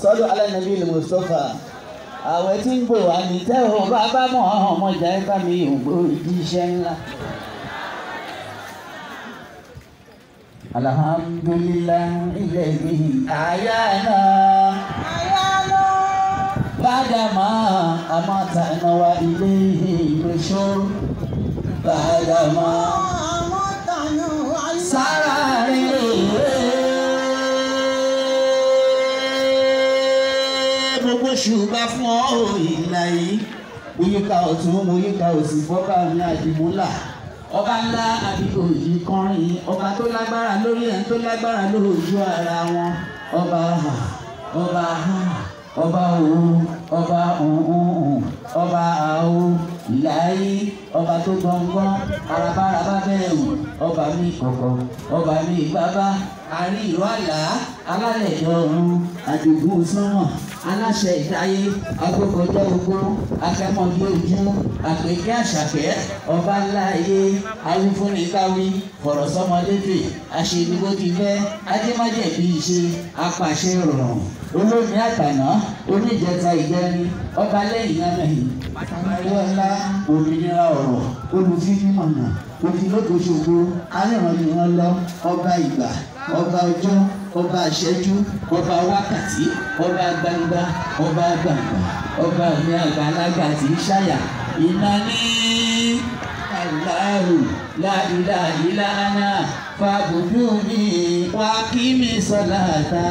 sọ́dọ̀ alánàbí ni mustapha àwẹ̀ tí ń bò wá ní tẹ́ ò bàbá mọ̀ ọ̀hún ọmọjà ẹ bá mi ògbó ìdí iṣẹ́ ńlá. alhamdulillahi ilẹ̀bi ayana bàdàmà àmọ́tànáwá ilé ìgbésó bàdàmà. gbogbo ṣùgbà fún ọ ìlà yìí mo yíká ọ̀tún mo òsì bọ́bá mi àdìmúlà ọba ńlá àdìgbò yìí kọrin ọba tó lágbára lórí ẹ̀ tó lágbára lójú ara wọn ọba ha ọba ha ọba òun ọba òun ọba àwọ ìlà yìí ọba tó gbọngàn arabára abẹ́rù ọba mi kọ̀kọ̀ ọba mi bàbá àrí ìlú àlá alálẹ̀jọ ọ̀run àdìgún sánmà aláṣẹ ìdáyé agbókòjọ ogun akẹ́mọ̀dé ojú àpèké àṣàkẹ́ ọba ńlá ayé awífúnnikáwí fọ̀rọ̀ sọmọdébè àṣèdìbò ti fẹ́ adémájẹ̀bí ìṣe apàṣẹ rọrùn olómi àtàná oníjẹta ìjẹni ọba lẹ́yìn náà mẹ́yìn àtàwọn ẹlẹ́wọ̀n ńlá òmìnira ọ̀rọ̀ olùfífímọ̀nà òfin lóko ṣògo ayọ̀ranyàn lọ ọba ìgbà ọba ọjọ́ ọba àṣẹjú ọba wákàtí ọba gbangba ọba gbangba ọba mi àgbà alága àti ìṣàyà ìnáni aláhù láìlà ìlànà fàbùdùnì wákìmí sọláta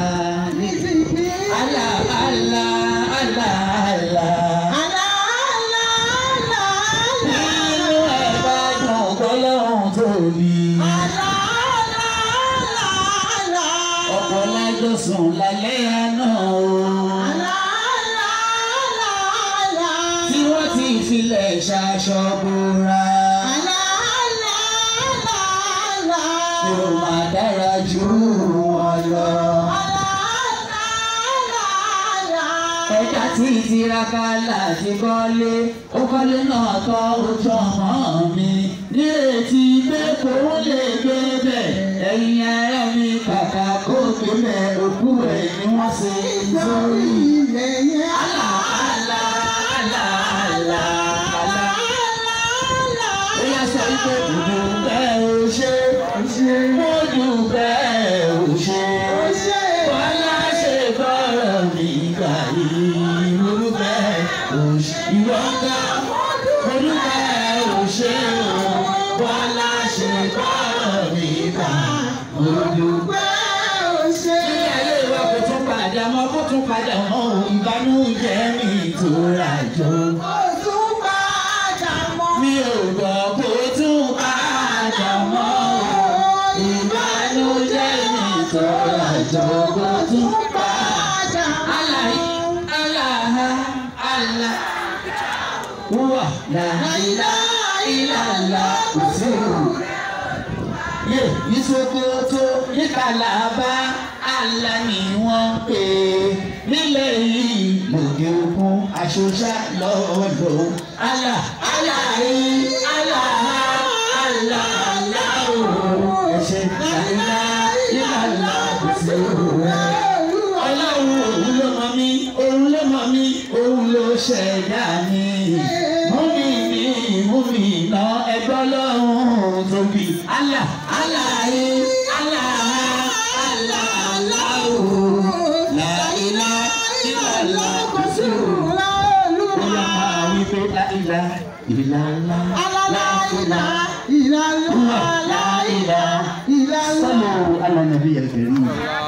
àlà àlà àlà àlà. ló sùn la àná o. tí wọ́n ti filẹ̀ ṣaṣọ bora. yóò máa dára jù wọn lọ. ẹ̀dá tí ìtiraka láti kọ́lé ó kọ́lé náà tọ́ ojú ọmọ mi. ṣe nítorí ilẹ̀ yẹn. àlà àlà àlà àlà àlà àlà. ó yà sọ wípé dùdú bẹ́ẹ̀ ò ṣe mo dùbẹ́ ò ṣe bọ́lá ṣe bọ́rọ̀ mi gbà yìí olùbẹ́ ò ṣe ìwọ́gá olùbẹ́ ò ṣe bọ́lá ṣe bọ́rọ̀ mi gbà olùbẹ́. padà mọ́ ìbànújẹ́ mi ìtura jọ. Kò tún padà mọ́. Mi ò gbọ́ kó tún padà mọ́. Ìbànújẹ́ mi ìtura jọ. Kò tún padà mọ́. Aláì aláha alá. Wúwà láìlá ìlàlá kò sí òun yé ìṣòkòtò ní Kàlàbá àlá ni wọ́n pè é òde òkun àṣoṣá lọ́dọ̀ àlà àlà rí àlà àlà àlà o ẹ̀ṣẹ̀ àlà ìlàlà kò sí òwe. ọlọ́run òun ló mọ mí òun ló mọ mí òun ló ṣẹ̀dá mi. mú mi mi mú mi ná ẹgbẹ́ ọlọ́run tóbi àlà àlà rí. ìlà ìlà ńlá láàfínà ìlà ńlá ìlà ńlá sọlọ alànàbí ẹgbẹ̀rún.